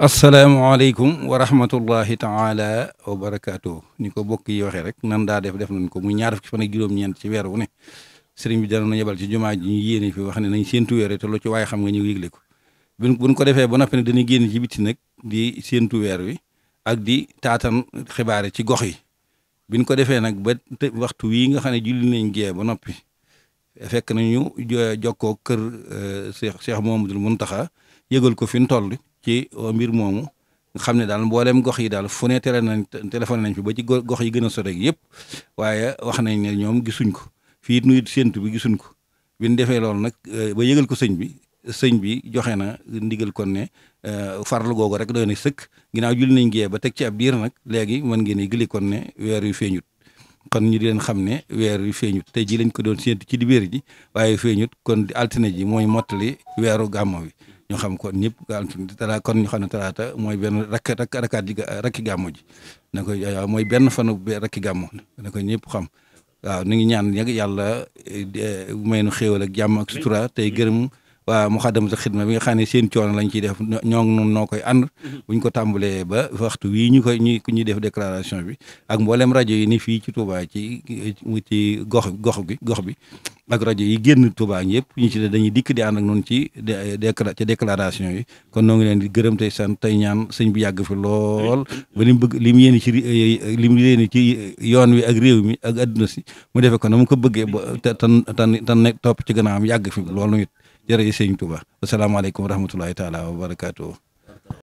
asalaamaaleykum wa rahmatullahi taala wa barakaatu ni ko bokk yi waxee rek nan daa def def nañ ko mu ñaar fukki fan ak juróom-ñeent ci weer wu ne sëriñ bi dana na yebal ci jumaa ji ñu yéene fi wax ne nañ séentu weer te lu ci waaye xam nga ñu yëgle ko buñ buñ ko defee ba noppi ne dañuy génn ci bitti nag di séentu weer wi ak di taatan xibaar ci gox yi biñ ko defee nag ba waxtu wii nga xam ne julli nañ gee ba noppi fekk nañu jokkoo kër euh, Cheikh Cheikh Mouhamadoul Mountakha yëgal ko fi mu toll ci uh, mbir moomu xam ne daal mbooleem gox yi daal fone ne nañ téléphone nañ fi ba ci gox yi gën a sore yëpp waaye wax nañ ne ñoom gisuñ ko fii it nuyu bi gisuñ ko bi defee loolu nag uh, ba yëgal ko sëñ bi sëñ bi joxe na ndigal kon ne uh, faral googu rek doy na sëkk ginnaaw julli nañ gee ba teg ci ab diir nag léegi mën ngeen a gëli kon ne weer yu feeñut kon ñu di xam ne weer yu feeñut tey jii lañ ko doon séntu ci dibéer ji waaye feeñut kon altine ji mooy mottali weeru gàmmo wi ñu xam kon ñëpp tala kon ñu xam ne talaata mooy benn rakk rakk rakkaat ji rakki gàmmu ji na ko mooy benn fanu rakki gàmmu na ko ñëpp xam waaw ñu ngi ñaan yàlla eh, eh, may nu xéewal ak jàmm ak sutura tey gërëm waa Muxaddamatul Xidma bi nga xam ne seen coono lañ ciy def ñoo ngi noonu noo koy ànd mhm. bu ñu ko tàmbalee ba waxtu wii ñu koy ñu ñuy def déclaration bi ak mboolem rajo yi ni fii ci Touba ci ci gox gox bi gox bi ak rajo yi génn Touba ñëpp ñu ci ne dañuy dikk di ak noonu ci ci déclaration yi kon noo ngi leen di gërëm tey sant tey ñaan sëñ bi yàgg fi lool ba li bëgg li mu yéene ci eh, li mu yéene ci yoon wi ak réew mi ak adduna si mu defee ko na mu ko bëggee ba te tan tan tan nekk topp ci gannaawam yàgg fi loolu it jërëjëf sëñ Touba asalaamaaleykum wa rahmatulahi taala wa barakaatu.